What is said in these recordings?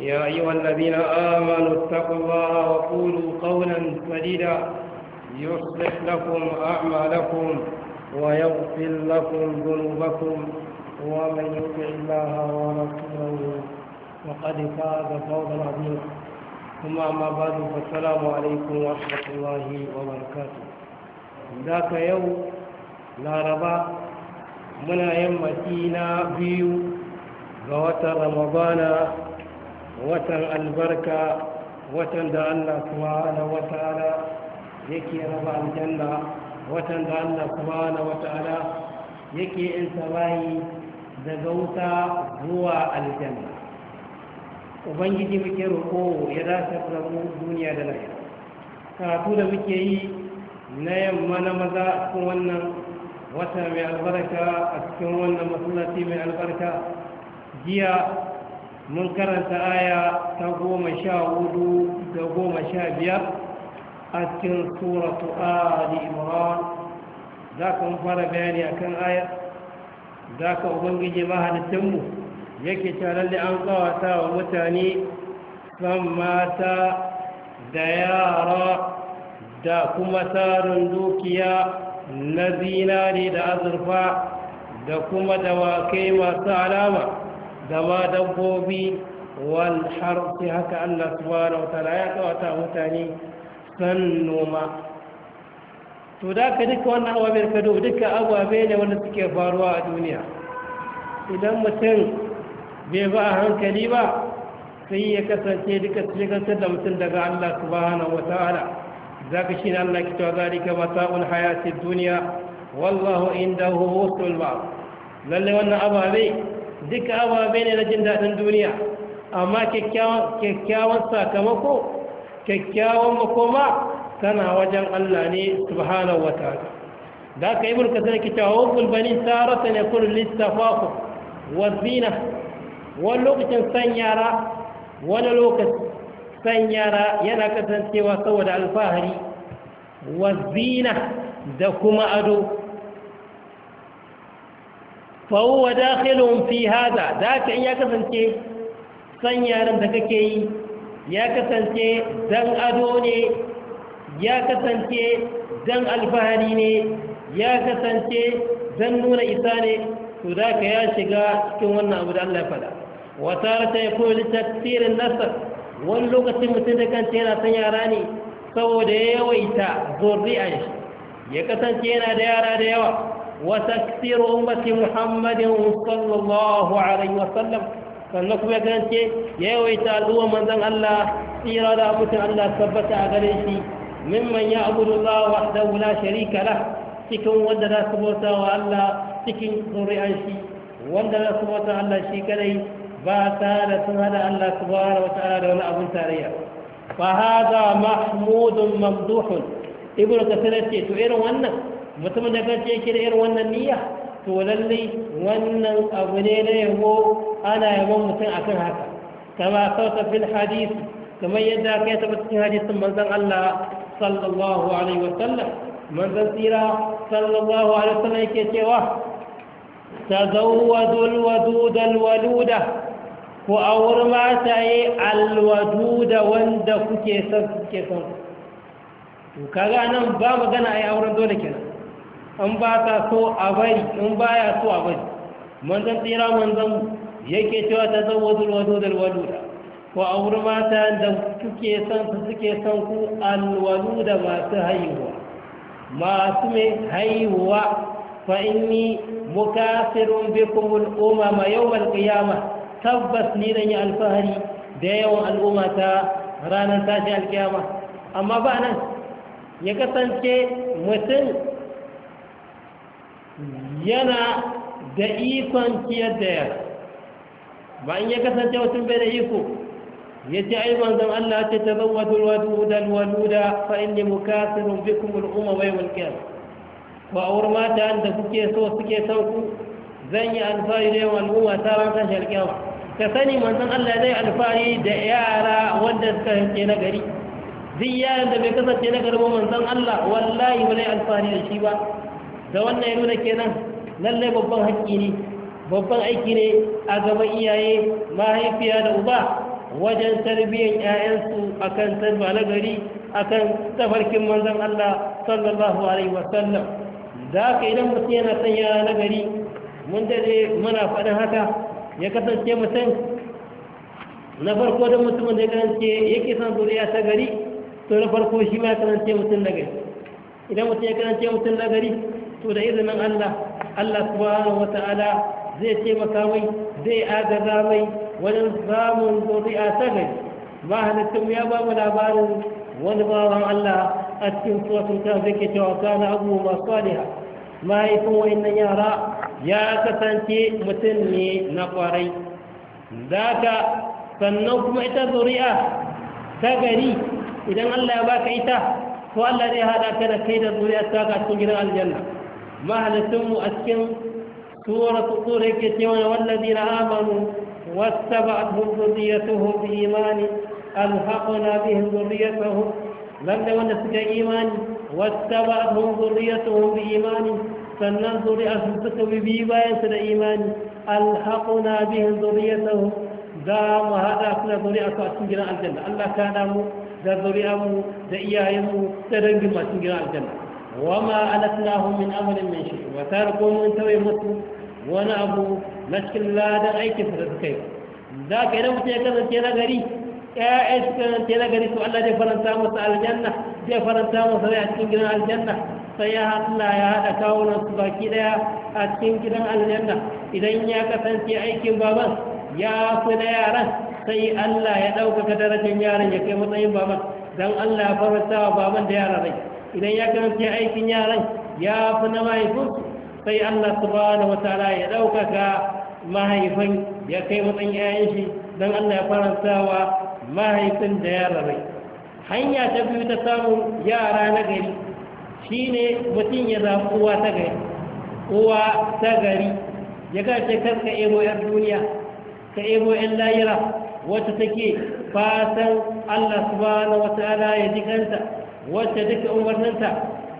يا أيها الذين آمنوا اتقوا الله وقولوا قولا سديدا يصلح لكم أعمالكم ويغفر لكم ذنوبكم ومن يطع الله ورسوله وقد فاز فوزا عظيما ثم أما بعد فالسلام عليكم ورحمة الله وبركاته ذاك يوم لا ربا منا يمتينا بيو ga watan ramadana watan albarka watan da allah subhanahu wa yake raba aljanna watan da allah subhanahu wa yake in sabayi daga wuta zuwa aljanna ubangiji muke roƙo ya dace da mu duniya da lafiya karatu da muke yi na yamma na maza a cikin wannan wata mai albarka a cikin wannan masallaci mai albarka jiya mun karanta aya ta goma sha hudu da goma sha biyar a cikin suratu ali imran za ka mun fara bayani a kan aya za ka ubangiji mahalittinmu yake tarar da an kawata wa mutane san mata da yara da kuma tsarin dukiya na zinare da azurfa da kuma dawakai masu alama da dabbobi wal harfi haka Allah subhanahu wa ta'ala ya kawata mutane san noma to da ka duka wannan ababen ka duka duka ababe ne wanda suke faruwa a duniya idan mutum bai ba a hankali ba sai ya kasance duka cikin da mutum daga Allah subhanahu wa ta'ala ka shi ne Allah ki ta zalika mata'ul hayatid duniya wallahu indahu husnul ba lallai wannan ababe duka ababe ne na jin daɗin duniya amma kyakkyawan sakamako kyakkyawan makoma tana wajen Allah ne subhanahu wa ta'ala da ka yi mulka sarki ta bani sarata ne kullum lissafafu wa zina wani lokacin san yara wani lokacin san yara yana kasancewa saboda alfahari wa zina da kuma ado fawuwa dakhilun fi hada da aka iya ya kasance san yaran da kake yi ya kasance dan ado ne ya kasance dan alfahari ne ya kasance dan nuna isa ne to da ka ya shiga cikin wannan abu da Allah ya faɗa wata ta ya koyi tafsirin nasar wani lokacin mutum da kanta yana san yara ne saboda ya yawaita zurri'an shi ya kasance yana da yara da yawa وتكثير أمة محمد صلى الله عليه وسلم sannan kuma ya ce ya yawaita al'uwa manzan Allah tsira da abokin Allah tabbata a gare shi mimman ya abudu Allah wahdahu la sharika lah cikin wanda za su bauta wa Allah cikin zuri'an shi wanda za su Allah shi kadai ba tare da sun Allah wa da wani abun tarayya fa hada mahmudun mamduhun to irin wannan mutumin da kace yake da irin wannan niyya to lallai wannan abu ne na yabo ana yabon mutum akan haka kama sauta fil hadith kamar yadda aka yi tabbata cikin hadisin manzon Allah sallallahu alaihi wa sallam manzon tsira sallallahu alaihi wa sallam yake cewa ta tazawwadu alwadud alwaluda ku mata mataye alwaduda wanda kuke son kuke son to kaga nan ba magana yi auren dole kenan in ba ta so a bari in ba ya so a bari manzan tsira manzan yake cewa ta zama da ko a wuri mata da suke son su suke son ku alwaluda masu haihuwa masu mai haihuwa fa in inni mukafirun bikum al-umama yau al-qiyamah tabbas ni da yi alfahari da yawan al'umma ta ranar tashi alkiyama amma ba nan ya kasance mutum yana da ikon ciyar da yara bayan ya kasance mutum bai da iko ya ce ai zan Allah ce ta zawwatul waduda alwaluda fa inni mukasirun bikum al'umma wa mulkiyar ba a ko aure mata da suke so suke sauku zan yi alfahari da yawan al'umma ta ran tashi alƙiyama ka sani san Allah zai alfahari da yara wanda suka hanke na gari duk yaran da bai kasance na gari man san Allah wallahi ba zai alfahari da shi ba da wannan ya nuna kenan lallai babban haƙƙi ne babban aiki ne a gaban iyaye mahaifiya da uba wajen tarbiyyar 'ya'yansu akan tarba na gari akan tafarkin manzon Allah sallallahu alaihi wasallam da haka idan mutum yana son yara na gari mun dade muna faɗin haka ya kasance mutum na farko da mutumin da kasance yake son zuriya ta gari to na farko shi ma ya kasance mutum na gari idan mutum ya kasance mutum na gari to da izinin Allah Allah subhanahu wata'ala zai taimaka mai zai agaza mai wajen samun zuri'a ta gari mahalicin ya ba mu labarin wani bawan Allah a cikin suwatun kan zai ke cewa kana abubuwa masu saliha mahaifin wa'annan yara ya kasance mutum ne na kwarai ka, sannan kuma ita zuri'a ta gari idan Allah ya baka ita ko Allah zai hada ka da kai da zuri'a ta ka cikin gidan aljanna ثم أسكن سورة طول كتير والذين آمنوا واتبعتهم ذريتهم بإيمان ألحقنا بهم ذريتهم لم نسك إيمان واتبعتهم ذريتهم بإيمان فلننظر أثبتهم بإيمان سد إيمان ألحقنا بهم ذريتهم دام هذا أكل ذريعة أتنجنا الجنة الله كان أمو ذا ذريعة ذا إياه ذا دنجم أتنجنا الجنة wama alatnahu min amalin min shi wa tarko mun tawaye musu wani abu na cikin ladan aikin da suka yi za ka idan mutum ya kasance na gari ƴaƴan su kasance na gari to Allah zai faranta masa aljanna zai faranta masa rai a cikin gidan aljanna sai ya Allah ya haɗa kawunan su baki ɗaya a cikin gidan aljanna idan ya kasance aikin baban ya fi na yaran sai Allah ya ɗaukaka darajar yaran ya kai matsayin baban don Allah ya faranta wa baban da yaran rai idan ya karanci aikin yaran ya fi na mahaifinsu sai Allah subhanahu ta'ala ya ɗaukaka mahaifin ya kai matsayin 'ya'yan shi don Allah ya farantawa mahaifin da ya rabai hanya ta biyu ta samun yara na gari shine mutum ya zafi uwa ta gari uwa ta gari ya kace 'yar ebo 'yan duniya ka ebo 'yan layira wacce take fatan Allah subhanahu ta'ala ya ji kanta wacce duka umarninta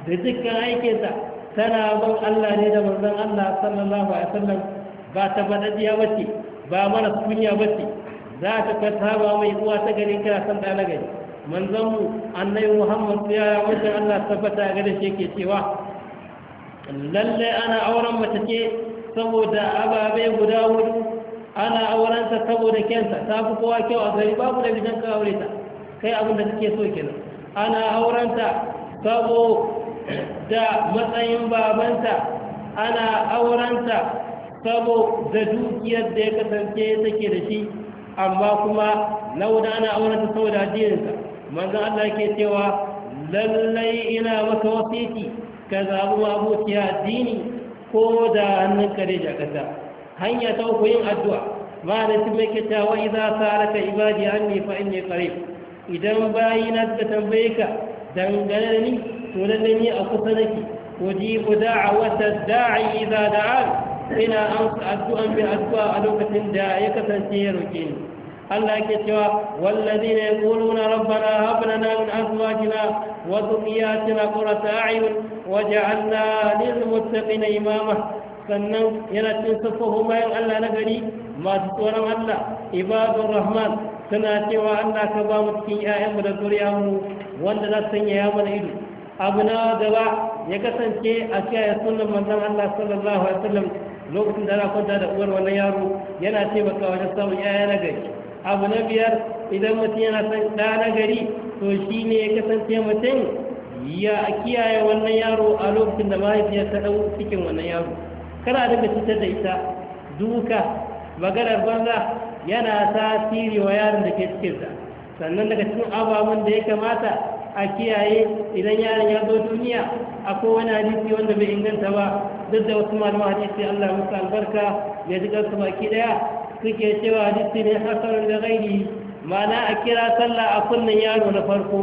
da dukkan aikinta tana ban Allah ne da manzan Allah sallallahu alaihi wasallam ba ta badadiya ce ba mana kunya ce za ta ka saba mai uwa ta gari kira san da na gari manzon mu annabi Muhammad ya wajen Allah tabbata ga da shi ke cewa lalle ana auren mace ce saboda ababe guda wuri ana auren ta saboda kensa ta fi kowa kyau a gari babu da bidan ka aure ta kai abin da kake so kenan ana aurenta da matsayin babanta ana aurenta saboda dukiyar da ya kasance take da shi amma kuma lauda ana aurenta saboda jiyarsa manzan Allah ke cewa lallai ina maka wasiki ka zaɓi mabuciya addini ko da hannun kare jakata hanya ta uku yin addu'a ma da cin mai kyakyawa sa raka ibadi an nifa in ne idan bayi na suka tambaye ka dangane da ni to lalle ni a kusa nake ujibu da'awata da'i idza da'an ina amsa addu'an bi addu'a a lokacin da ya kasance ya roke ni Allah yake cewa wallazina yaquluna rabbana hab lana min azwajina wa dhurriyyatina qurrata a'yun waj'alna lil muttaqina imama sannan yana cin safahu bayan Allah na gari masu tsoron Allah ibadur rahman tana cewa Allah ka ba mu cikin ƴaƴanmu da zuriyarmu wanda za su sanya ya mana ido abu na gaba ya kasance a kiyaye sunan manzon Allah sallallahu alaihi wasallam lokacin da ana kwanta da uwar wannan yaro yana taimaka wajen samun ƴaƴa na gari abu na biyar idan mutum yana son ɗa na gari to shi ne ya kasance mutum ya kiyaye wannan yaro a lokacin da mahaifiyar ta ɗau cikin wannan yaro kana daga cutar da ita duka maganar banza yana tasiri wa yaron da ke cikinsa sannan daga cikin ababen da ya kamata a kiyaye idan yaron ya zo duniya akwai wani hadisi wanda bai inganta ba duk da wasu malaman hadisi Allah musu albarka ya ji kansu baki daya suke cewa hadisi ne hasanun da gairi ma'ana a kira sallah a kunnen yaro na farko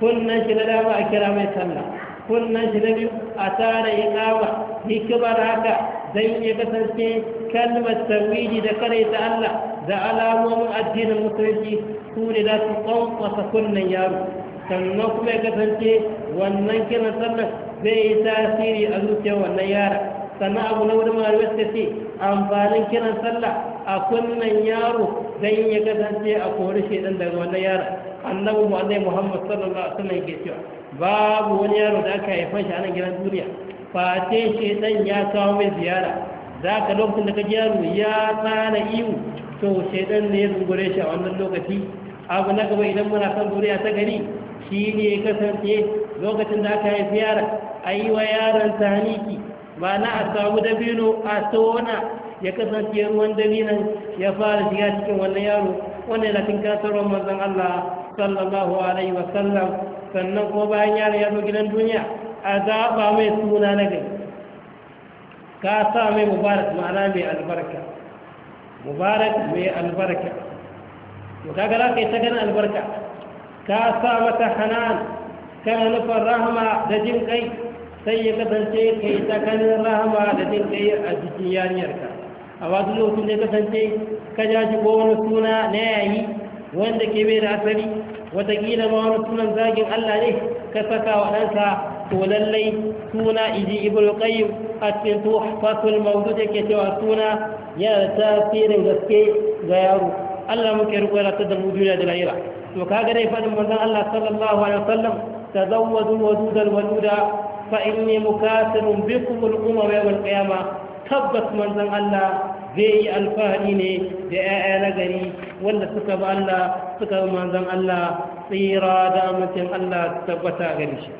kunnen shi na dama a kira mai sallah kunnen shi na biyu a tara kama hikimar haka zan iya kasance kalmar tawhidi da ta Allah da alamomin addinin musulunci su ne za su kwankwasa kunnen yaro sannan kuma ya kasance wannan kiran sallar zai yi tasiri a zuciyar wannan yara sannan abu na wani malamai suka ce amfanin kiran sallah a kunnen yaro zai ya kasance a kori shaidan daga wannan yara annabi mu annai muhammad sallallahu alaihi wasallam ke cewa babu wani yaro da aka haifa shi a nan gidan duniya shi shaidan ya kawo mai ziyara za ka lokacin da ka yaro ya tsara iyu. to shaidan ne ya zungure shi a wannan lokaci abu na gaba idan muna son zuriya ta gari shi ne ya kasance lokacin da aka yi ziyara. a yi wa yaron taniki ba na a samu dabino a tsawona ya kasance ruwan dabinan ya fara shiga cikin wannan yaro wanda yana cin kasarwar mazan Allah sallallahu alaihi wasallam sannan kuma bayan yaro ya zo gidan duniya a zaɓa mai suna na gari ka sa mai mubarak ma'ana mai albarka mubarak mai albarka to kaga za ka yi ta ganin albarka ka sa mata hanan kan nufin rahama da jin kai sai ya kasance ka yi ta ganin rahama da jin kai a jikin yariyarka a wasu lokacin da kasance ka ja ko wani suna na yayi wanda ke bai da asali watakila ma wani sunan zagin allah ne ka saka wa ɗansa to lallai suna iji ibrahim a cikin tuhfatul mawdu da ke cewa suna yana da tasirin gaske ga yaro Allah muke riko da ta da mu duniya da lahira to kaga dai fadin manzon Allah sallallahu alaihi wasallam tazawwadu wadudal waluda fa inni mukasirun bikum al umam yawm qiyama tabbas manzon Allah zai yi alfahari ne da ƴaƴa na gari wanda suka ba Allah suka manzon Allah tsira da amincin Allah tabbata gari shi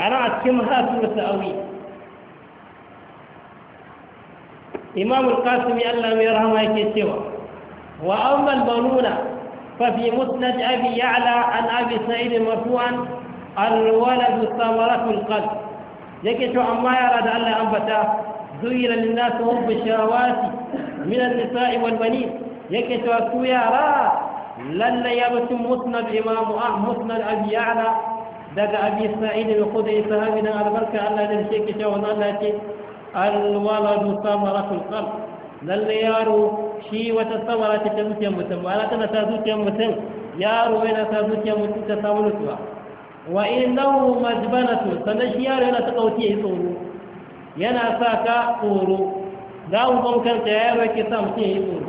أراد كم هاتم المساوي إمام القاسم الله يرحمه سوى وأما البنون ففي مسند أبي يعلى عن أبي سعيد مرفوعا الولد ثمرة القلب شو أما يرد ألا أنبتا زين للناس هم بالشهوات من النساء والبنين شو يا را لن يبتم مسند إمام أه مسند أبي يعلى daga abi sa'id bin khudri sahabi dan albarka Allah da shi ke cewa Allah ce al waladu samaratul qalb lalle yaro shi wata samara ta zuciyar mutum Ba ma'ana tana ta zuciyar mutum yaro yana ta zuciyar mutum ta samu nutsuwa wa innahu majbanatu sannan shi yaro yana ta kauce ya tsoro yana sa ka tsoro za mu ban kanta yaro yake sa mutum ya yi tsoro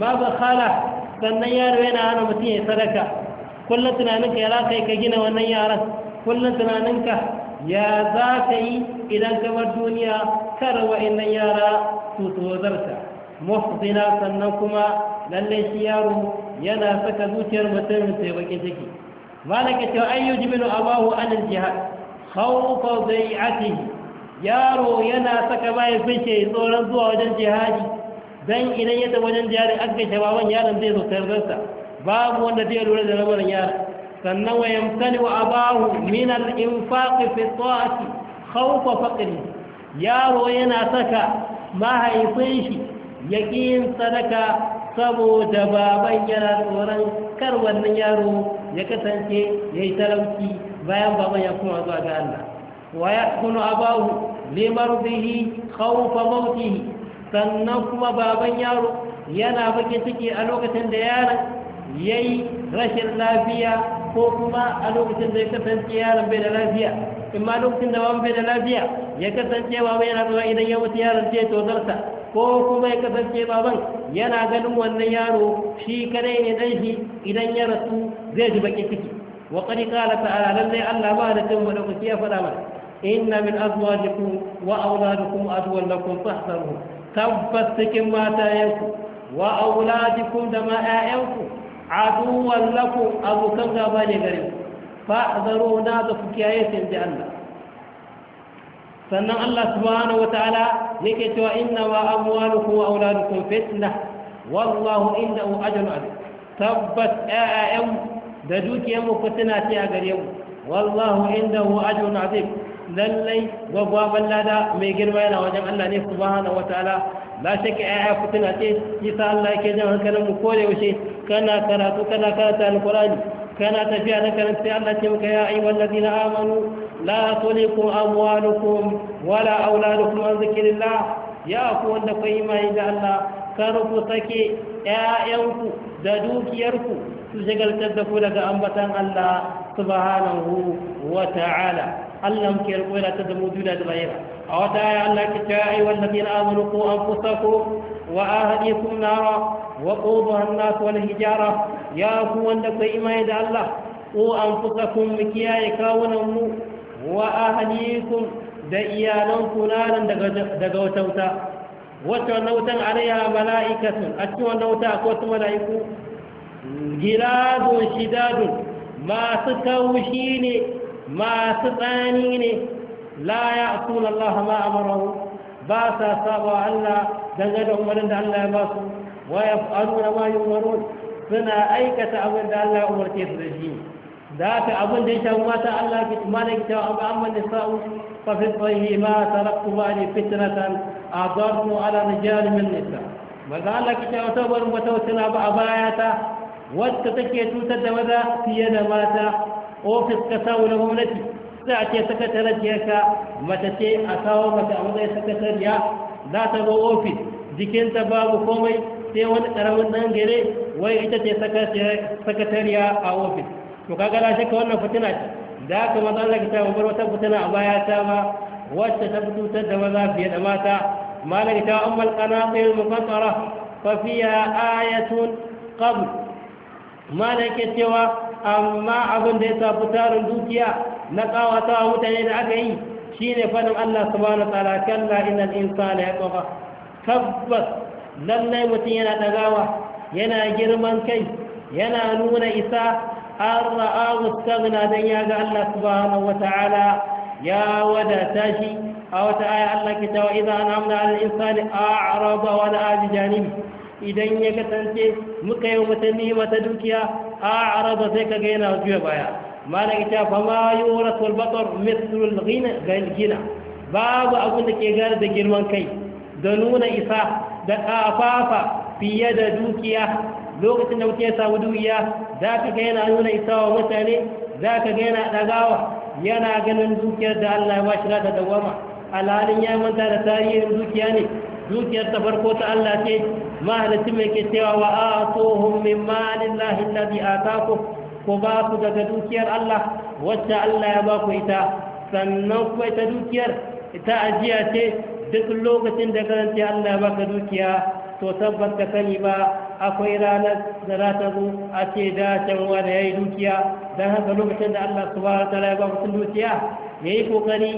ma ba khala sannan yaro yana hana mutum ya sadaka kullum tunaninka ya za ka yi ka gina wannan yaran kullum tunaninka ya za ka yi idan kamar duniya kar wainnan yara su tozarta mafisina sannan kuma lallai shi yaro yana saka zuciyar mutum sai bakin ciki malaka cewa an yi jiminu abahu anil jihad zai ake yaro yana saka bayan fishe tsoron zuwa wajen jihadi dan idan yadda wajen jihadi an kashe baban yaron zai zo tarzarsa babu wanda zai lura da rabar yara sannan wa yamtani wa abahu min al-infaq fi ta'ati khawfa faqri yaro yana saka mahaifin shi yakin sadaka saboda baban yana tsoron kar wannan yaro ya kasance yayi talauci bayan baban ya kuma zuwa ga Allah wa yakunu abahu limardihi khawfa mautihi sannan kuma baban yaro yana bakin ciki a lokacin da yaron yayi rashin lafiya ko kuma a lokacin da ya kasance yaron bai da lafiya in ma lokacin da bai da lafiya ya kasance baban yana zuwa idan ya mutu yaron ce tozarsa ko kuma ya kasance baban yana ganin wannan yaro shi kadai ne dan shi idan ya rasu zai ji baki ciki wa qad qala ta'ala lallai Allah ba da tun wanda kuke faɗa mana inna min azwajikum wa awladikum adwan lakum fahsaru tabbas cikin matayenku wa auladikum da ma'ayanku aduwan lakum abokan gaba ne gare a zaro na ga ku kiyaye sai da Allah sannan Allah subhanahu wataala yake cewa inna wa amwalukum wa auladukum fitna wallahu inda ajrun tabbat ya'yan da dukiyan mu fitina ce a gare mu wallahu indahu ajrun azim lallai gwagwaban lada mai girma yana wajen Allah ne subhanahu wataala ba shakka ya'ya a ce isa Allah yake jan hankalin mu ko da yaushe kana karatu kana karanta alqur'ani kana tafiya da karanta sai Allah ce maka ya ayyuhal ladina amanu la tulikum amwalukum wala auladukum an zikrillah ya ku wanda ku imani da Allah kar ku sake ƴaƴanku da dukiyarku su shagaltar da ku daga ambatan Allah subhanahu wa ta'ala Allah muke riko yana ta zamo duniya da lahira a wata aya Allah ke ta ai wannan na amanu ko an fusaku wa ahadikum nara wa quduha an-nas wal hijara ya ku wanda kai imani da Allah ko an fusakum kiyaye kawunan mu wa ahadikum da iyalan ku nan daga daga wata wuta wata nautan alaiha mala'ikatun a cikin wannan wuta akwai wasu mala'iku giladun shidadun masu taushi ne masu tsani ne la ya suna Allah ma amarahu ba sa saba Allah dangane da umarnin da Allah ya ba su wa ya fa'aluna ma yumarun suna aikata abin da Allah ya umarce su da shi da haka abin da ya shafi mata Allah ki da ta abu amma da sa'u fa fi tsayi ma taraktu ba ne ni fitnatan adarnu ala rijal min nisa za Allah ki ta wata barin wata wata na ba a baya ta wacce take cutar da maza fiye da mata ofis ka samu na gwamnati za a ce sakatariyarka mata ce a kawo mata a matsayin sakatariya za ta zo ofis jikinta babu komai sai wani ƙaramin ɗan gare wai ita ce sakatariya a ofis to kaga na shakka wannan fitina ce da aka maza Allah ka taɓa bar wata fitina a baya ta ba wacce ta fitar da maza fiye da mata malaka ta ummal qanatil muqattara fa fiha ayatun qabl malaka cewa amma abin da ya safi tarin dukiya na kawata mutane da aka yi shine fadin Allah subhanahu wa ta'ala kalla innal insana yatgha tabbas lallai mutum yana dagawa yana girman kai yana nuna isa har ra'ahu staghna dan ya ga Allah subhanahu wa ta'ala ya wada tashi, a wata aya Allah ke cewa idan amna al insani a'rada wa la'a janibi idan ya kasance muka yi wata ni'ima ta dukiya a araba sai kaga yana juya baya Mana ita fa ma wa rasuwar batar mithlul gina babu abin da ke gare da girman kai da nuna isa da kafafa fiye da dukiya lokacin da mutum ya samu dukiya za ka ga yana nuna isa wa mutane za ka ga yana ɗagawa yana ganin dukiyar da Allah ya ba shi da dawama alhalin ya manta da tarihin dukiya ne dukiyar ta farko ta Allah ce mahalicin mai ke cewa wa min malin lahin a taku ko ba ku daga dukiyar Allah wacce Allah ya ba ku ita sannan kuma ita dukiyar ita ajiya ce duk lokacin da karanci Allah ya baka dukiya to tabbas kani ba akwai ranar da za ta zo a ce dacen da ya yi dukiya don haka lokacin da Allah subhanahu wa ta'ala ya ba mutum dukiya ya yi kokari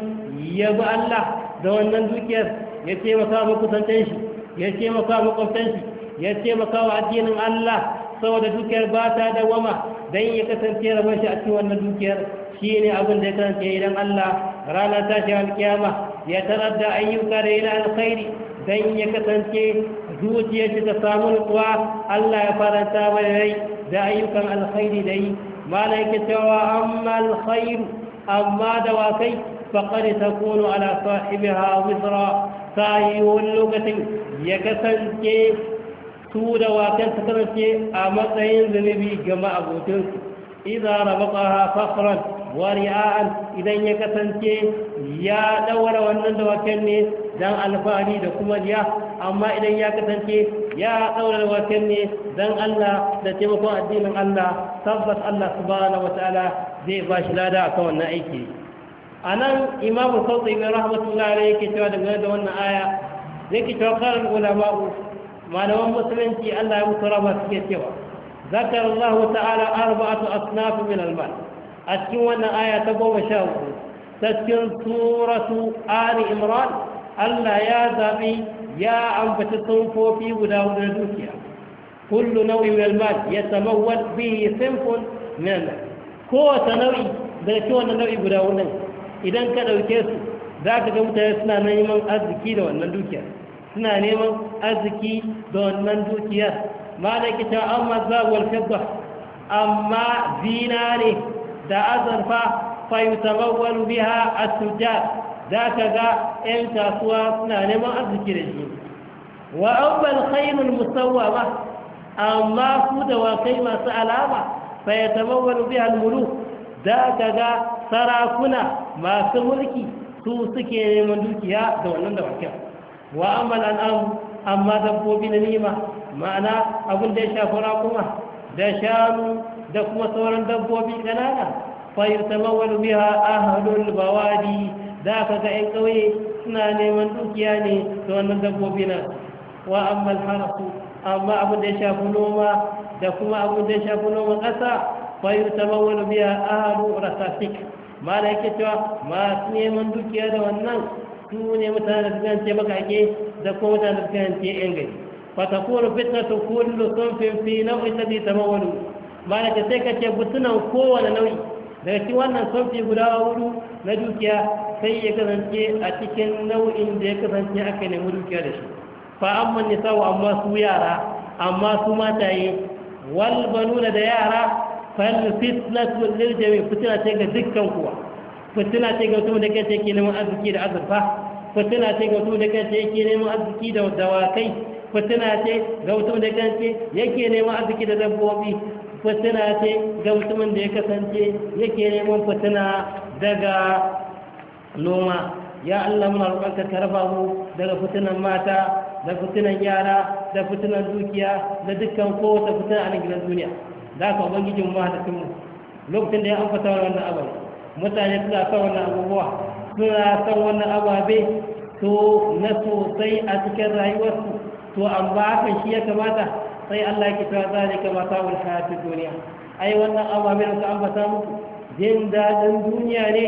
ya bi Allah da wannan dukiyar ya taimaka wa kusantan shi ya taimaka wa kwamtan shi ya taimaka wa addinin Allah saboda dukiyar ba ta dawama dan ya kasance rabon shi a cikin wannan dukiyar shine abin da ya kasance idan Allah ranar shi alkiyama ya tarar da ayyuka da yana alkhairi dan ya kasance zuciyar shi ta samu nutsuwa Allah ya faranta mai rai da ayyukan alkhairi da yi malaka cewa amma alkhairu amma kai. فقد تكون على صاحبها وزرا ساي واللغة يكسن كي سود واكن سترن كي أمتين ذنبي جماعة بوتن إذا ربطها فخرا ورعاء إذا يكسن كي يا دور ونند واكن دان الفاني دكما يا أما إذا يكسن كي ya ɗaura waken ne don Allah da taimakon addinin Allah tabbas Allah subhanahu wa ta'ala zai ba shi lada a kan wannan aiki a nan imamu sautsai mai rahmatullahi ne yake cewa daga da wannan aya zai ke cewa karar ulama'u malaman musulunci allah ya mutu rama suke cewa zakar allahu ta'ala arba'atu asnafu min almal a cikin wannan aya ta goma sha hudu ta cikin suratu ali imran allah ya zaɓi ya ambaci sunfofi guda hudu na dukiya kullu nau'in min almal ya tamawwal bihi sinfun min almal kowace nau'i daga cikin wannan nau'i guda hudu idan ka ɗauke su za ka ga mutane suna neman arziki da wannan dukiyar suna neman arziki da wannan dukiyar ma da za an warke fidda amma zina ne da azurfa fayutamawar biha a tujar za ka ga 'yan kasuwa suna neman arziki da shi wa kainun khairul ba amma ku da wa kai masu alama fayatamawar biha al-muluk za ka ga sarakuna masu mulki su suke neman dukiya da wannan da wakil wa amal am amma dabbobi na nima ma'ana abin da ya shafi rakuma da shanu da kuma sauran dabbobi ganana fayar tamawar biha ahalul bawadi za ka ga 'yan ƙauye suna neman dukiya ne da wannan dabbobi na wa amal harafu amma abin da ya shafi noma da kuma abin da ya shafi noman ƙasa fayutamawwalu biya ahlu rasasik mala yake cewa masu neman dukiya da wannan su ne mutane da suka ce bakake da kuma mutane da suka ce yan gari fatakunu fitnatu kullu sunfin fi nau'in ladhi tamawwalu mala yake sai ka ce butunan kowane nau'i daga cikin wannan sunfi guda hudu na dukiya sai ya kasance a cikin nau'in da ya kasance aka nemi dukiya da shi fa amma sau amma su yara amma su mataye wal banuna da yara fahimta fitnatu liljami fitina ce ga dukkan kuwa fitina ce ga mutum da kai ke neman arziki da azurfa fitina ce ga mutum da kai ke neman arziki da dawakai fitina ce ga mutum da kai yake neman arziki da dabbobi fitina ce ga mutumin da ya kasance yake neman fitina daga noma ya Allah muna roƙonka ka raba mu daga fitinan mata da fitinan yara da fitinan dukiya da dukkan kowace fitina a nan gidan duniya za ka ubangijin ma da sun lokacin da ya amfata wannan ababe mutane suna san wannan abubuwa suna san wannan ababe to na sosai a cikin rayuwarsu to amma hakan shi ya kamata sai Allah ki ta zane ka ba wani hayati duniya ai wannan ababe da ka ambata muku jin dan duniya ne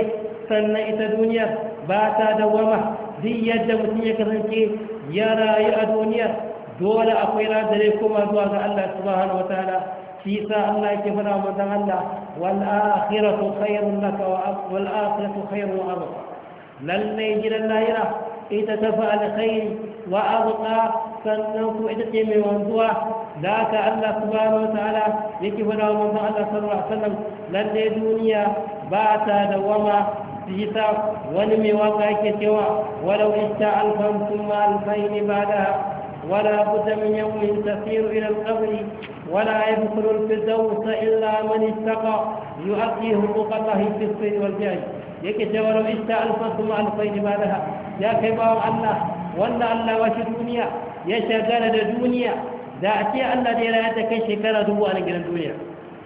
sannan ita duniya ba ta dawama duk yadda mutum ya kasance ya rayu a duniya dole akwai radare kuma zuwa ga Allah subhanahu wataala shi Allah yake fara mata Allah wal akhiratu khairun laka wa wal akhiratu khairun wa abqa lalle gidan lahira ita tafi alkhair wa abqa sannan kuma ita ce mai wanzuwa da haka Allah subhanahu wa ta'ala yake fara manzon Allah sallallahu alaihi wasallam lalle duniya ba ta dawama بيتا ولم يوقع كتوى ولو اشتعل فانتم الفين بعدها ولا بد من يوم تسير إلى القبر ولا يدخل الفردوس إلا من اتقى يؤدي حقوق الله في الصين والجاه yake cewa rabi ta alfasu ma alfai da ya kai bawan Allah wanda Allah washe duniya ya shagara da duniya da a ce Allah da ya raya ta kai shekara dubu a gidan duniya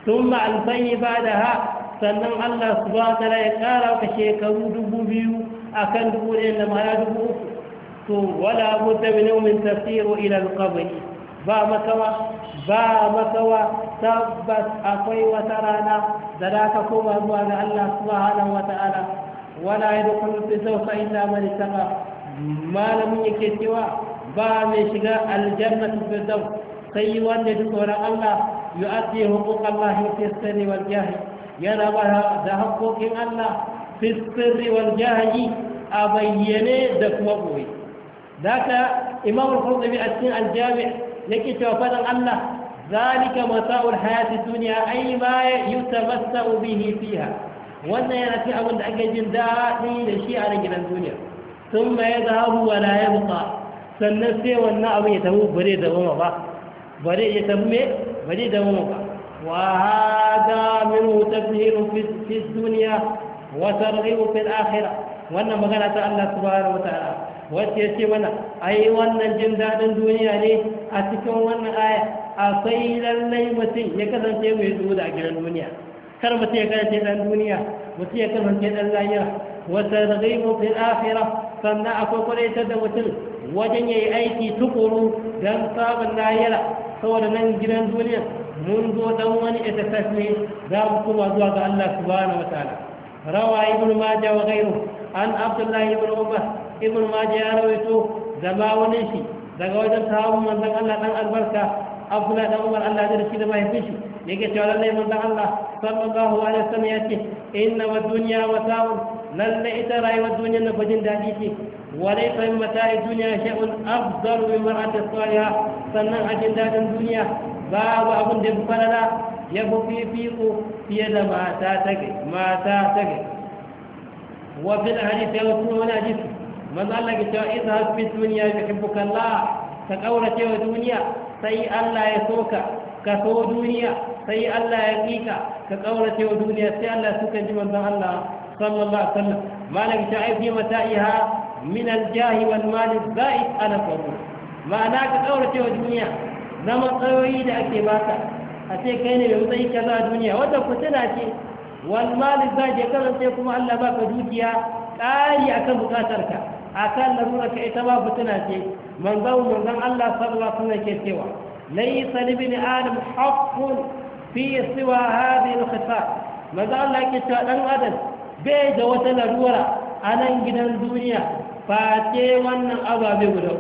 sun ma alfai ba da ha sannan Allah su ba ta ya kara ka shekaru dubu biyu a kan dubu ɗaya da mara dubu uku to wala budda min yawmin tasiru ila al ba makawa ba makawa tabbas akwai wata rana da za ka koma zuwa ga Allah subhanahu wata'ala wala yadkhulu fi sawfa illa man ittaqa malamin yake cewa ba mai shiga aljanna fi sawf sai wanda duk tsoron Allah yu'addi huquq Allah fi sirri wal yana ba da haƙoƙin Allah fi sirri wal jahri a bayyane da kuma boye da ka imamun fulɗa bi a cikin aljami ya ke cewa faɗin Allah zalika mata'ul hayati duniya ai ma yutamassau bihi fiha wannan yana ci abin da ake jin daɗi da shi a gidan duniya sun ma ya zahabu wa la ya buka sannan sai wannan abin ya tabu bare da goma ba bare ya tabu me bare da goma ba wa hada min tafhiru fi dunya wa tarhibu fi al-akhirah wannan magana ta Allah subhanahu wa ta'ala wasu ya ce mana ai wannan jin daɗin duniya ne a cikin wannan aya akwai lallai mutum ya kasance mai zuwa da gidan duniya kar mutum ya kasance ɗan duniya mutum ya kasance ɗan lahira wata ragaibu mafi akhira sannan akwai kwadaitar da mutum wajen ya yi aiki tukuru don samun lahira saboda nan gidan duniya mun zo dan wani itisas ne za mu kuma zuwa ga Allah subhanahu wa ta'ala rawa ibnu majah wa ghayruhu an abdullahi ibn umar ibn maji ya rawaito zama wani shi daga wajen sahabu manzan allah dan albarka abdullahi dan umar allah da shi da mahaifin shi ne ke cewa lallai manzan allah sallallahu alaihi wasallam ya ce inna wa duniya wa sa'un lalle ita rayuwar duniya na fajin daɗi ce walai fa min mata'i duniya shay'un afdalu min mar'ati salihah sannan a jin duniya babu abin da ya fi ya ya fi fifiko fiye da mata ta ga mata ta gai wa fil hadith ya wasu wani hadith maza Allah ke cewa idza hasbi dunya ka Allah ka kaurace wa duniya sai Allah ya soka ka so duniya sai Allah ya kika ka kaurace wa duniya sai Allah ya soka ji manzon Allah sallallahu alaihi wasallam malam ta aifi mata'iha min al-jahi wal mali zaid ala farur ma'ana ka kaurace wa duniya na matsayoyi da ake baka a ce kai ne mai matsayi kaza a duniya wadda fitina ce wal mali zaid ya kasance kuma Allah baka dukiya ƙari akan bukatarka akan larura ka ita ba fitina ce manzon manzon Allah sallallahu alaihi wasallam ke cewa laysa li adam haqqun fi siwa hadi al-khifat manzon Allah ke cewa dan adam bai da wata larura a nan gidan duniya face wannan ababe guda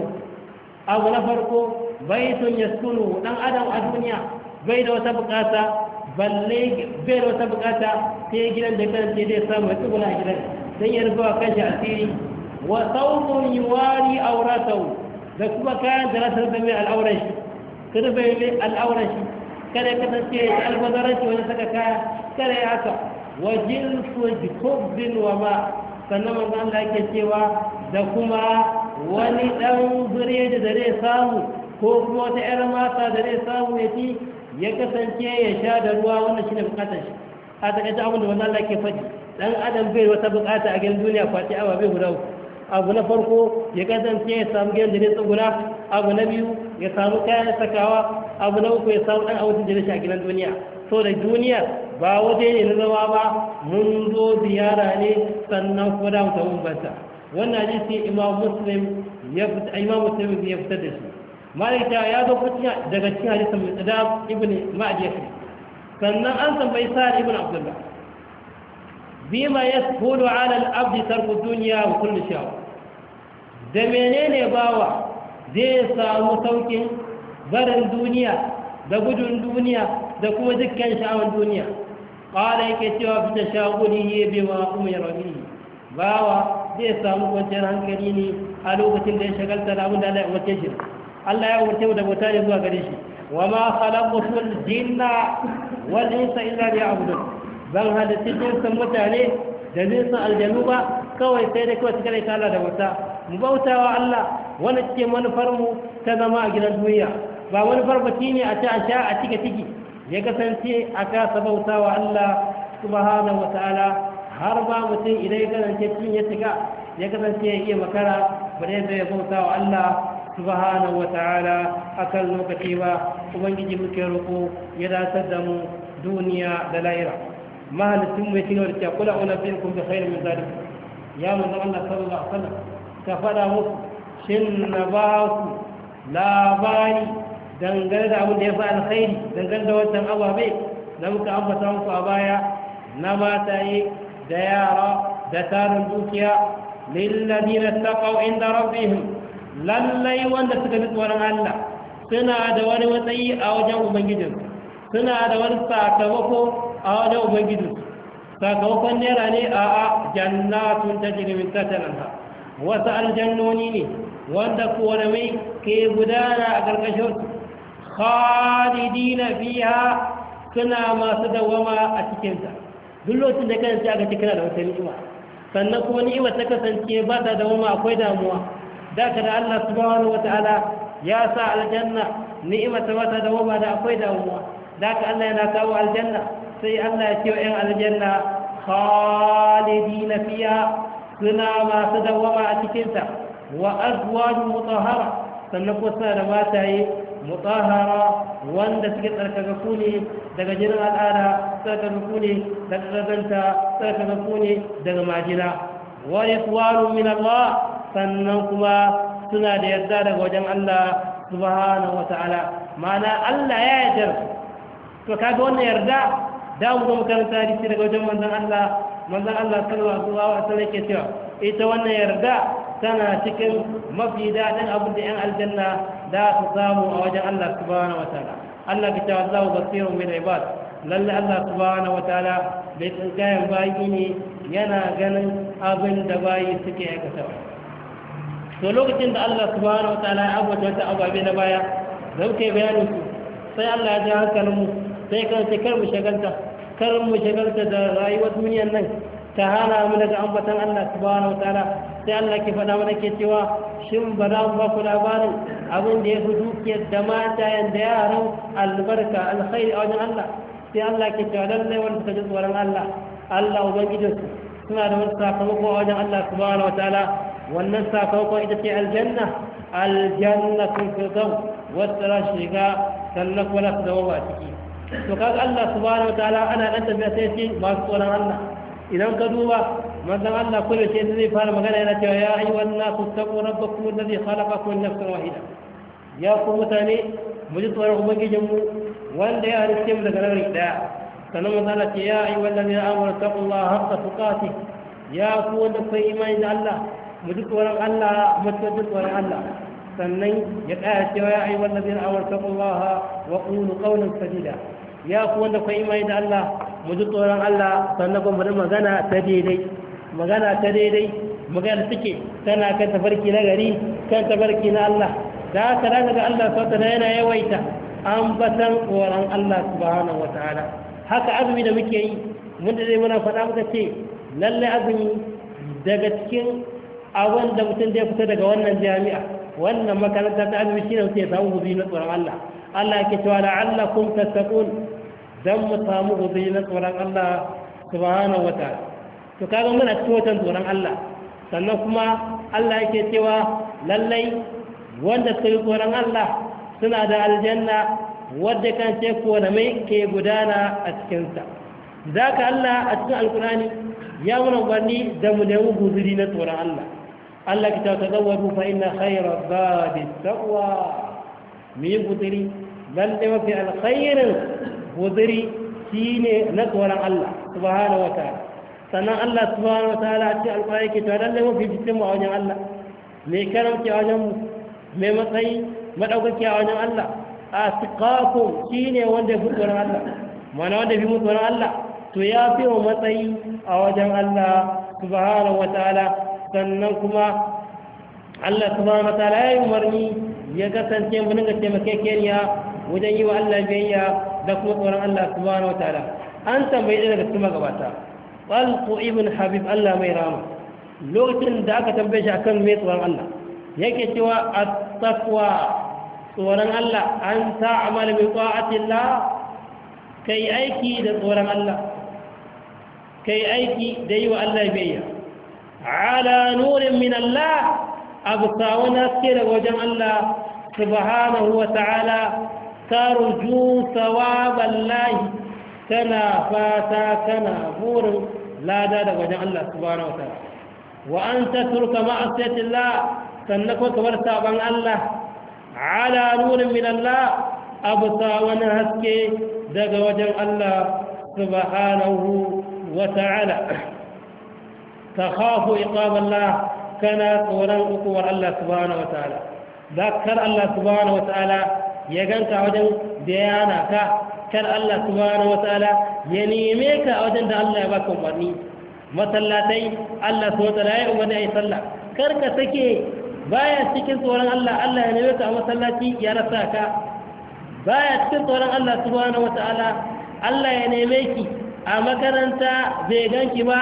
abu na farko baitun yaskunu dan adam a duniya bai da wata bukata balle bai da wata bukata sai gidan da kan sai dai samu ya tsugula gidan sai ya rufa kanshi asiri wa wari a auratahu da kuma kayan da rasar da mai al'auran shi kada bai mai al'auran shi kada ya kasance ya albazaran shi wani saka kaya kada ya haka wa jinsu jikobin wa ma sannan manzo da ake cewa da kuma wani dan biredi da zai samu ko kuma wata yar mata da zai samu ya ci ya kasance ya sha da ruwa wannan ne bukatar shi a takaice abin da manzo Allah ke faɗi dan adam bai wata bukata a gidan duniya kwace awa bai guda uku abu na farko ya kasance ya samu gidan da zai tsuguna abu na biyu ya samu kayan sakawa abu na uku ya samu ɗan abincin da zai sha gidan duniya so da duniya ba waje ne na zama ba mun zo ziyara ne sannan kuma da mutum banta wannan hadisi imam muslim ya imam muslim ya fitar da shi malika ya zo kuma daga cikin hadisin mai tsada ibn ma'ajiyar sannan an tambayi sa'ad ibn abdullah bima yasqulu ala al-abdi tarku dunya wa kullu shaw da menene bawa zai samu saukin barin duniya da gudun duniya da kuma dukkan sha'awar duniya qala yake cewa bi tashaghulihi bima ya bihi bawa zai samu kwanciyar hankali ne a lokacin da ya shagalta da abin da Allah ya umarce shi Allah ya umarce mu da bauta ne zuwa gare shi wa ma khalaqatul jinna wal insa illa liya'budun Zan hada cikin mutane da nisan aljanu ba kawai sai da kawai cikin Allah da wata mu bautawa Allah wani ce manufar mu ta zama a gidan duniya ba wani shi ne a ci a sha a cike ciki ya kasance a kasa bautawa Allah subhanahu wa ta'ala har ba mutum idan ya kasance cikin ya shiga ya kasance ya iya makara ba dai zai bautawa Allah subhanahu wa ta'ala akan lokaci ba ubangiji muke roko ya dace da mu duniya da lahira mahalicin mu yake da cewa kula ona bin kun da khairu min zalik ya manzo Allah sallallahu alaihi wasallam ka fada muku shin na ba ku labari dangane da abin da ya fi alkhairi dangane da wancan ababe da muka ambata muku a baya na mataye da yara da tarin dukiya lillazina inda rabbihim lallai wanda suka ji tsoron Allah suna da wani matsayi a wajen ubangijin suna da wani sakamako a wajen ubangiji sakamakon nera ne a a jannatun ta jirimin tattalanta wasu aljannoni ne wanda mai ke gudana a ƙarƙashin khalidina biya suna masu dawama a cikinta duk lokacin da kasance aka ci kana da wata ni'ima sannan kuma ni'ima ta kasance ba ta dawama akwai damuwa da ka da Allah subhanahu wata'ala ya sa aljanna ni'ima ta ba ta dawama da akwai damuwa da ka Allah yana kawo aljanna sai Allah ya ce wa 'yan aljanna na fiya suna masu dawama a cikinta wa azwajun mutahara sannan ko suna da mataye mutahara wanda suke tsarkakaku ne daga jinin al'ada tsarkakaku ne daga gazanta tsarkakaku ne daga majina wani tsuwarun min Allah sannan kuma suna da yarda daga wajen Allah subhanahu wa ta'ala ma'ana Allah ya yarda to kaga wannan yarda za mu zo makaranta hadisi daga wajen manzon Allah manzon Allah sallallahu alaihi sallam yake cewa ita wannan yarda tana cikin mafi dadin abin da yan aljanna da su samu a wajen Allah subhanahu ta'ala Allah ya ta zawo basiru min ibad lalle Allah subhanahu ta'ala bai tsinkayen bayi ne yana ganin abin da bayi suke aikatawa to lokacin da Allah subhanahu ta'ala ya abuta wata ababe na baya da muke bayanin su sai Allah ya ji hankalin mu sai kan sai kar mu shagalta kar mu shagalta da rayuwar duniyar nan ta hana mu daga ambatan Allah subhanahu wa ta'ala sai Allah ke faɗa mana ke cewa shin ba za mu ba ku labarin abin da ya fi dukiyar da mata da yaran albarka alkhairi a wajen Allah sai Allah ke cewa lallai wanda suka ji tsoron Allah Allah ubangijinsu suna da wani sakamako a wajen Allah subhanahu wa ta'ala wannan sakamakon ita ce aljanna aljanna sun fi zau wata shiga sannan kuma na su a ciki to kaga Allah subhanahu wataala ana dan tafiya sai ce masu tsoron Allah idan ka duba manzon Allah kullu sai zai fara magana yana cewa ya ayyuhan nasu taqu rabbakum alladhi khalaqakum min nafsin wahida ya ku mutane mu ji tsoron ubangijin mu wanda ya halitta mu daga nan daya sannan manzon Allah ce ya ayyuhan ladina amanu taqullaha haqqa tuqatih ya ku wanda kai imani da Allah mu ji tsoron Allah mu ji tsoron Allah sannan ya ƙaya cewa ya aiwar da zai awar taɓullaha wa ƙunu ƙaunin sadida ya ku wanda kun imani da Allah mu ji tsoron Allah sannan kuma magana ta daidai magana ta daidai magana take tana kan tafarki na gari kan tafarki na Allah da haka da ga Allah sauta na yana yawaita an batan tsoron Allah subhanahu wataala haka azumi da muke yi mun da zai muna faɗa muka ce lallai azumi daga cikin abin da mutum zai fita daga wannan jami'a wannan makaranta ta azumi shi ne mutum ya samu hudu na tsoron Allah Allah ke cewa la'allakum tattaqun don mu samu guzuri na tsoron Allah subhanahu wata to kaga muna cikin watan tsoron Allah sannan kuma Allah yake cewa lallai wanda suka yi tsoron Allah suna da aljanna wadda kan ce mai ke gudana a cikinsa za ka Allah a cikin alkurani ya muna gwani da mu nemi guzuri na tsoron Allah Allah ki ta tazawwadu fa inna khayra da taqwa mu yi guzuri lalle mafi alkhairin shi ne na tsoron Allah subhanahu wa ta'ala sannan Allah subhanahu wa ta'ala a cikin alƙawari ke tare da mafi fitin mu a wajen Allah me karamci a wajen mu me matsayi madaukaki a wajen Allah A shi ne wanda ya fi tsoron Allah mana wanda fi tsoron Allah to ya fi wa matsayi a wajen Allah subhanahu wa ta'ala sannan kuma Allah subhanahu wa ta'ala ya yi umarni ya kasance mu dinga taimakekeniya wajen yi wa Allah biyayya da kuma tsoron Allah subhanahu wa ta'ala an tambayi ɗaya daga cikin magabata talqu ibn habib Allah mai rama lokacin da aka tambaye shi akan mai tsoron Allah yake cewa a taqwa tsoron Allah an ta'amala bi ta'atillah kai aiki da tsoron Allah kai aiki da yi wa Allah biyayya ala nurin min Allah abu kawo na suke daga wajen Allah subhanahu wa ta'ala tarju thawaban lahi kana fata kana burin lada da wajen Allah subhanahu wataala wa an tatruka ma'asiyatillah sannan ko kamar saban Allah ala nurin min Allah abuta wani haske daga wajen Allah subhanahu wataala takhafu iqaballah kana tsoron ukuwar Allah subhanahu wataala dakar Allah subhanahu wataala ya ganka wajen da ya hana ka kar Allah subhanahu wataala ya neme ka wajen da Allah ya baka umarni masallatai Allah subhanahu wataala ya umarni sallah kar ka sake baya cikin tsoron Allah Allah ya neme ka a masallaci ya rasa ka baya cikin tsoron Allah subhanahu wataala Allah ya neme ki a makaranta bai ganki ba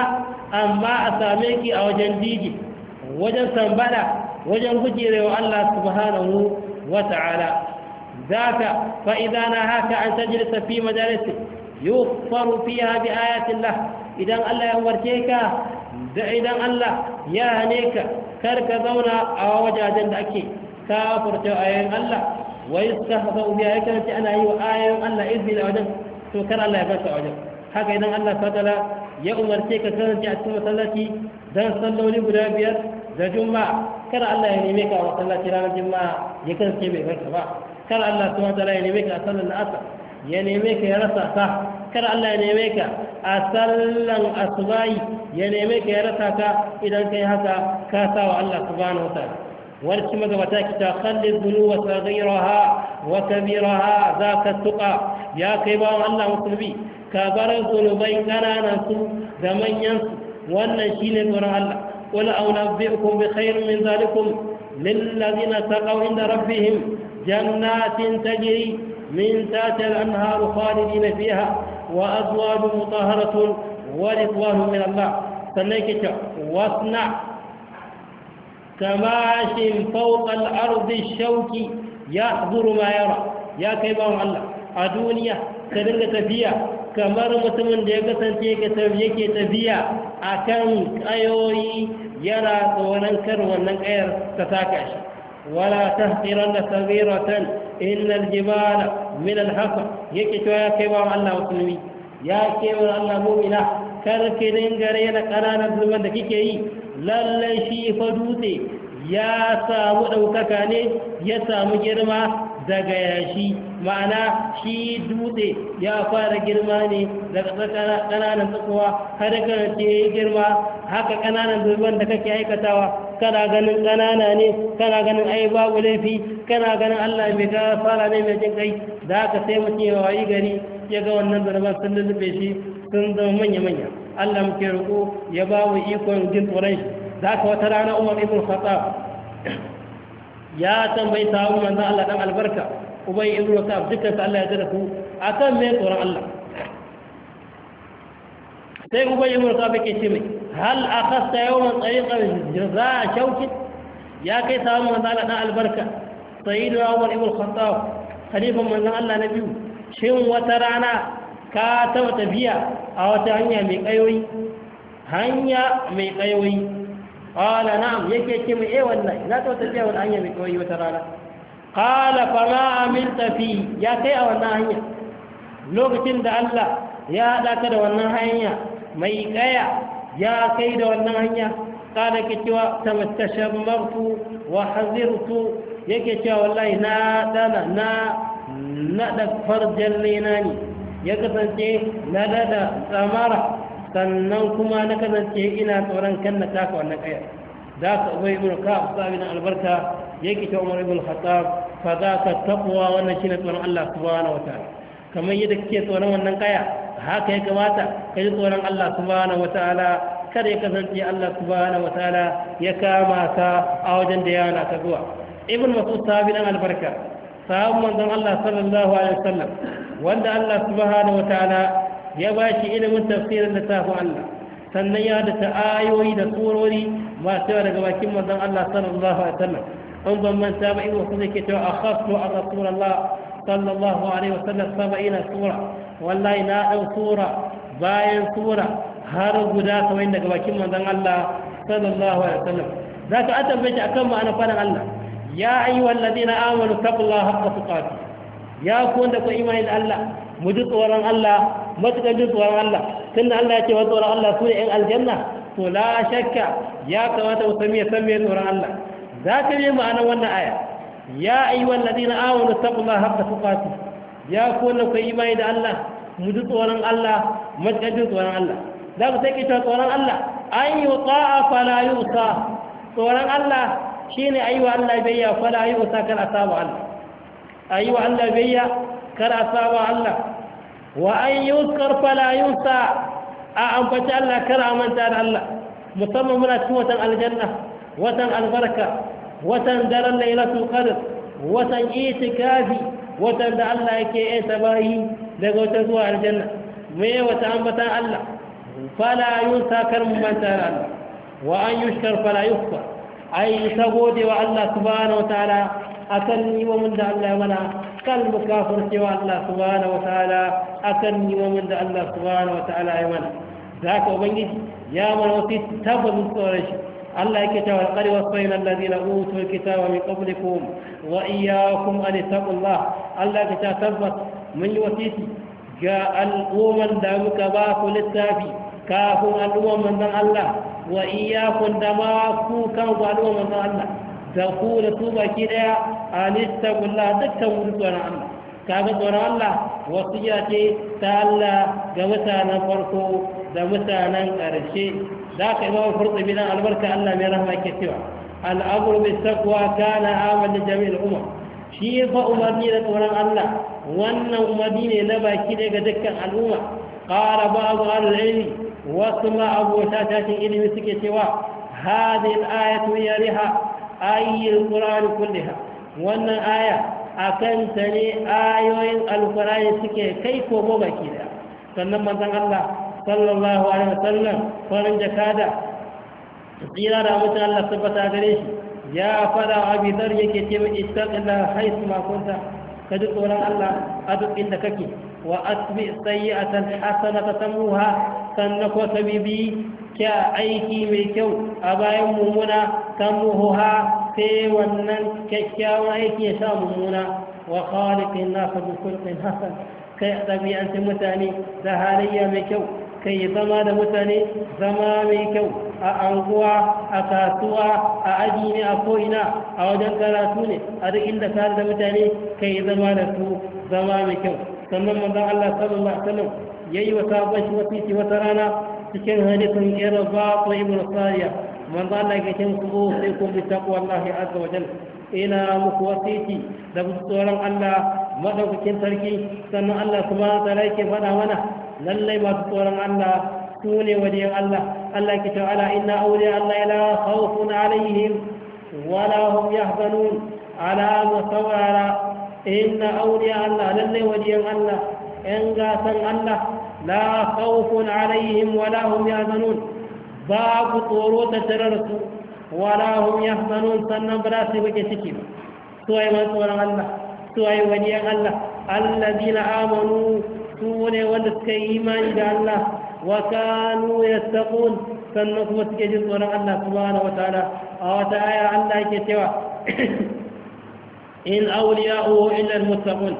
amma a same ki a wajen diji wajen sambada wajen gujewa Allah subhanahu wataala ذاك فإذا نهاك أن تجلس في مجالس يغفر فيها بآيات الله إذا الله يورجيك إذا الله يهنيك كرك زونا أو وجاجا لك كافر آيان الله ويستهزأ بها كانت أنا أيوة آيان الله إذن لأوجه سكر الله يبنك أوجه haka idan Allah fatala ya umarce ka kasance a cikin masallaci don salloli guda biyar da juma'a kada Allah ya neme ka a masallaci ranar juma'a ya kasance bai barka ba kar Allah ta wata ya neme ka a sallan asa ya neme ka ya rasa ka kar ka a rasa ka idan kai haka ka sa wa Allah su bani wata warci magabata ki ta kalli zunu wa ta gairo ha wa tuka ya kai ba Allah musulmi ka bar zunubai kananan su da manyan su wannan shine tsoron Allah wala aunar bi'ukum bi khairu min zalikum للذين اتقوا عند ربهم جنات تجري من تحت الأنهار خالدين فيها وأزواج مطهرة ورضوان من الله سنيك واصنع كماش فوق الأرض الشوك يحضر ما يرى يا كيف الله أدونية تدل تفيا كمرمة mutumin da ya kasance اكن tafiya yana tsoron kar wannan ƙayar ta taƙa shi wala tahqiran da sabiratan innal jibala min al yake cewa ya kai wa Allah musulmi ya kai wa Allah mu'mina kar ki dinga rena ƙananan zulman da kike yi lallai shi fa dutse ya samu ɗaukaka ne ya samu girma daga yashi ma'ana shi dutse ya fara girma ne daga ƙananan tsakowa har kana ce ya girma haka ƙananan zuban da kake aikatawa kana ganin ƙanana ne kana ganin ai babu laifi kana ganin allah mai fara ne mai jin kai da haka sai mutum ya wayi gari ya ga wannan zarban sun lullube shi sun zama manya-manya allah muke roƙo ya ba mu ikon jin tsoron shi da haka wata rana umar ibn khattab ya tambayi sahabu manzan Allah ɗan albarka ubai ibn wasaf dukkan Allah ya tada su kan mai tsoron Allah sai ubai ibn wasaf yake ce mai hal a akhasta yawman tariqa jaza shauki ya kai sahabu manzan Allah ɗan albarka sayyidu umar ibn khattab khalifan manzan Allah na biyu shin wata rana ka taba tafiya a wata hanya mai kayoyi hanya mai kayoyi na na'am yake ce mu eh wallahi na ta wata cewa hanya mai koyi wata rana ƙala fa amin tafi fi ya kai a wannan hanya lokacin da Allah ya hada ka da wannan hanya mai ƙaya ya kai da wannan hanya ƙala ke cewa tamattashammartu wa hazirtu yake cewa wallahi na ɗana na naɗa farjan lena ne ya kasance na ɗada tsamara sannan kuma na kasance ina tsoron kan na taka wannan kayar za ka ubai ibn ka'ab sabi na albarka yake ta umar ibn khattab fa za ka taqwa wannan shine tsoron Allah subhanahu wataala kamar yadda kake tsoron wannan kaya haka ya kamata ka yi tsoron Allah subhanahu wataala kada ya kasance Allah subhanahu wataala ya kama ka a wajen da yana ka zuwa ibn mas'ud sabi na albarka sahabban manzon Allah sallallahu alaihi wasallam wanda Allah subhanahu wataala ya ba shi ilimin tafsirin da littafin Allah sannan ya da ta'ayoyi da tsorori masu yawa daga bakin manzon Allah sallallahu alaihi wasallam in ban manta ba in wasu zai ke cewa a khasnu a rasulallah sallallahu alaihi wasallam saba'ina sura wallahi na ɗau sura bayan sura har guda kawai daga bakin manzon Allah sallallahu alaihi wasallam zaka atambaye shi akan ma'ana faɗin Allah ya ayyuhal ladina amanu taqullaha haqqa tuqatih ya ku wanda kun imani da Allah mu ji tsoron Allah matuƙar ji tsoron Allah tun da Allah ya ce wa tsoron Allah su ne 'yan aljanna to la shakka ya kamata mu sami ya san me tsoron Allah za ka yi ma'anar wannan aya ya ayyuhal ladina amanu taqullaha haqqa tuqatih ya ku wanda kun imani da Allah mu ji tsoron Allah matuƙar ji tsoron Allah za ku sai kita tsoron Allah an yi ta'a fala yusa tsoron Allah shine ayyuhal ladina fala yusa kal asabu Allah a yi wa Allah biyya kar a saba Allah wa an yi fala yusa a ambaci Allah kar a manta da Allah musamman muna cikin watan aljanna watan albarka watan daren lailatul qadr watan itikafi watan da Allah yake yin tabahi daga wata zuwa aljanna me wata ambatan Allah fala yunsa kar mu manta da Allah wa an yushkar fala yukfar ai ta gode wa Allah subhanahu wa ta'ala a akan ni'imomin da Allah ya mana kan mu kafircewa Allah subhanahu a akan ni'imomin da Allah subhanahu wataala ya mana da haka ubangiji ya mana wasu tabbas tsoron shi Allah yake cewa qad wasayna alladhina utul kitaba min qablikum wa iyyakum an taqullah Allah yake cewa tabbas mun yi wasiti ga al'ummar da muka ba ku littafi kafin al'umman manzon Allah wa iyyakum da ma ku kan al'umman manzon Allah da da su baki daya alistakullah dukkan wuri tsoron Allah kaga tsoron Allah wasu ya ce ta Allah ga mutanen farko da mutanen ƙarshe za ka imam furtubi na albarka Allah mai rahama ke cewa al'amur bi takwa kana amal da Jami'in, umar shi fa umarni da tsoron Allah wannan umarni ne na baki daga dukkan al'umma Ƙara ba'du al wasu ma abota tashin ilimi suke cewa "Hadin al-ayatu yariha ayyul qur'ani kulliha wannan aya akan ta ne ayoyin alqur'ani suke kai ko go baki da sannan manzon Allah sallallahu alaihi wasallam farin jakada tsira da mutum Allah tabbata gare shi ya fada wa abi dar yake ce mai haythu ma kunta ka ji tsoron Allah a duk inda kake wa asbi sayyi'atan hasanatan tamuha sannan ko kya aiki mai kyau a bayan mummuna kan muhuha sai wannan kyakkyawan aiki ya sa mummuna wa khaliqin nasa bi khulqin hasan kai ɗabi'ancin mutane da halayya mai kyau kai zama da mutane zama mai kyau a anguwa a kasuwa a aji ne a ko'ina a wajen karatu ne a duk inda tare da mutane kai zama da su zama mai kyau sannan manzon Allah sallallahu alaihi wasallam yayi wa sabon shi wata rana cikin hadisin irba ko ibn sariya manzo Allah ke ce muku sai ku bi Allah azza wa jalla ina muku wasiti da tsoron Allah madaukakin sarki sannan Allah kuma wa ta'ala yake faɗa mana lallai masu tsoron Allah su ne Allah Allah ke cewa ala inna awliya Allah la khawfun alaihim wala hum yahzanun ala musawara inna awliya Allah lallai waliyan Allah yan gasan Allah لا خوف عليهم ولا هم يحزنون باب طورو تتررس ولا هم يحزنون سنن براسي وكتكي سوى من سورة الله سوى وليا الله الذين آمنوا سوى ولدك إيمان إلى الله وكانوا يتقون سنكم سكجي سورة الله سبحانه وتعالى أو تعالى الله كتوى إن أولياؤه إلا المتقون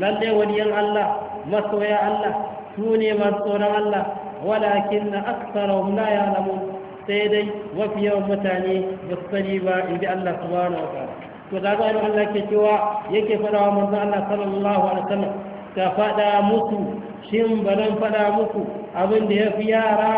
للي ولي الله مسوى الله su ne masu tsoron Allah walakin na aksarahum la ya'lamun sai dai wafi yawan mutane ba su sani ba in ji Allah su subhanahu wa ta'ala to da ga Allah ke cewa yake fada wa manzo Allah sallallahu alaihi wasallam ka fada musu shin ba baran fada muku abin da ya fi yara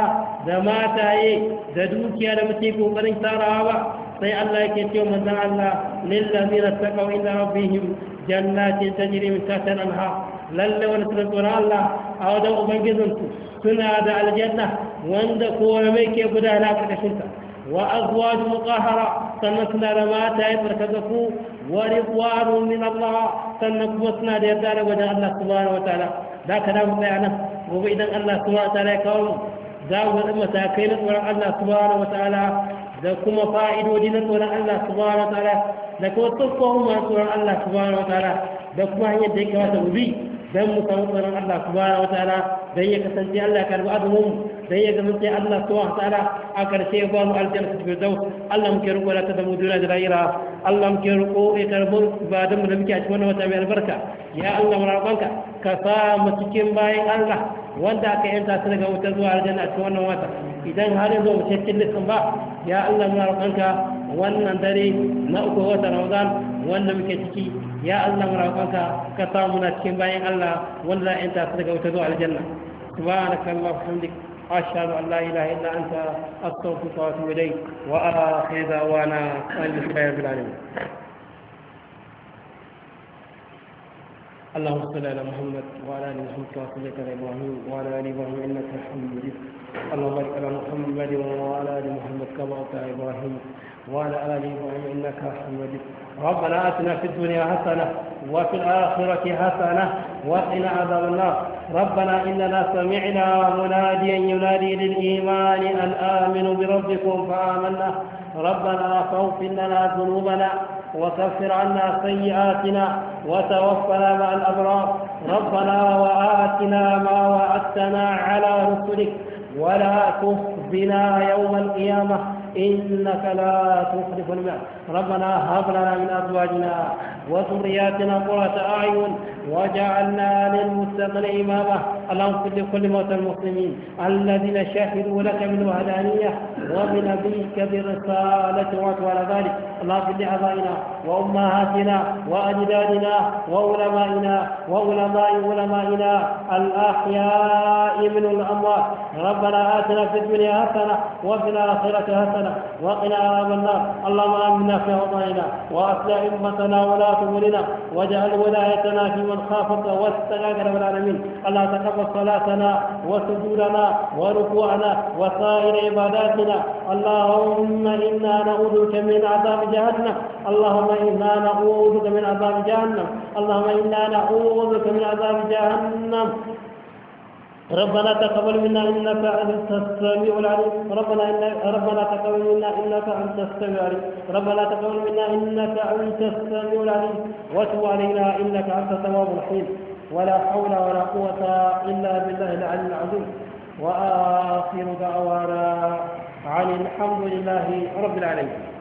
da mataye da dukiya da muke kokarin tarawa ba sai Allah yake cewa manzo Allah lil ladina taqaw ila rabbihim jannatin tajri min tahtiha al-anhar lalle wani suna tsoron Allah a wajen ubangijinsu suna da aljanna wanda kowa mai ke gudana karkashinta wa azwaj mutahara sannan suna da mata ya farkaza ku wani ridwanu min Allah sannan kuma suna da yarda da wajen Allah subhanahu wataala da ka damu tsaya nan gobe idan Allah subhanahu wataala ya kawo mu za mu ga matakai na tsoron Allah subhanahu wataala da kuma fa'idodi na tsoron Allah subhanahu wataala da kuma tsoffin masu tsoron Allah subhanahu wataala da kuma hanyar da ya kamata mu bi dan mu samu tsaron Allah subhanahu wataala dan ya kasance Allah ya karbi azumin dan ya zama sai Allah subhanahu wataala a karshe ya ba mu aljanna firdaus Allah muke roƙo da ta da mu duniya da lahira Allah muke roƙo ya karbi ibadan mu da muke a cikin wannan wata mai albarka ya Allah mu roƙonka ka sa mu cikin bayan Allah wanda aka yanta su daga wutar zuwa aljanna a cikin wannan wata idan har yanzu mu cikin cikin ba ya Allah mu roƙonka wannan dare na uku wata Ramadan wanda muke ciki يا الله رحمتا كتامنا كيم باين الله ولا انت اخذك وتدعو على الجنة سبحانك الله وحمدك أشهد أن لا إله إلا أنت أستغفرك وأتوب إليك وآخر وأنا أن الخير في العالمين اللهم صل على محمد وعلى ال محمد كما صليت على ابراهيم وعلى ال ابراهيم انك حميد مجيد اللهم بارك على محمد وعلى ال محمد كما صليت على ابراهيم وعلى آل إبراهيم إنك حميد ربنا آتنا في الدنيا حسنة وفي الآخرة حسنة وقنا عذاب النار ربنا إننا سمعنا مناديا ينادي للإيمان أن آمنوا بربكم فآمنا ربنا فاغفر لنا ذنوبنا وكفر عنا سيئاتنا وتوفنا مع الأبرار ربنا وآتنا ما وعدتنا على رسلك ولا تخزنا يوم القيامة إنك لا تخلف الماء ربنا هب لنا من أزواجنا وذرياتنا قرة أعين وجعلنا للمتقين إماما اللهم اغفر لكل موتى المسلمين الذين شهدوا لك بالوحدانية وبنبيك برسالة وعطوا على ذلك اللهم اغفر لآبائنا وأمهاتنا وأجدادنا وعلمائنا وعلماء علمائنا الأحياء من الأموات ربنا آتنا في الدنيا حسنة وفي الآخرة حسنة الجنة وقنا عذاب النار اللهم آمنا في أوطاننا وأصلح أمتنا ولاة أمورنا واجعل ولايتنا في من خافك واتقاك رب العالمين الله تقبل صلاتنا وسجودنا وركوعنا وسائر عباداتنا اللهم إنا نعوذ بك من عذاب جهنم اللهم إنا نعوذ بك من عذاب جهنم اللهم إنا نعوذ بك من عذاب جهنم ربنا تقبل منا انك انت السميع العليم ربنا إن ربنا تقبل منا انك انت السميع العليم ربنا تقبل منا انك انت السميع العليم وتب علينا انك انت التواب الرحيم ولا حول ولا قوه الا بالله العلي العظيم واخر دعوانا عن الحمد لله رب العالمين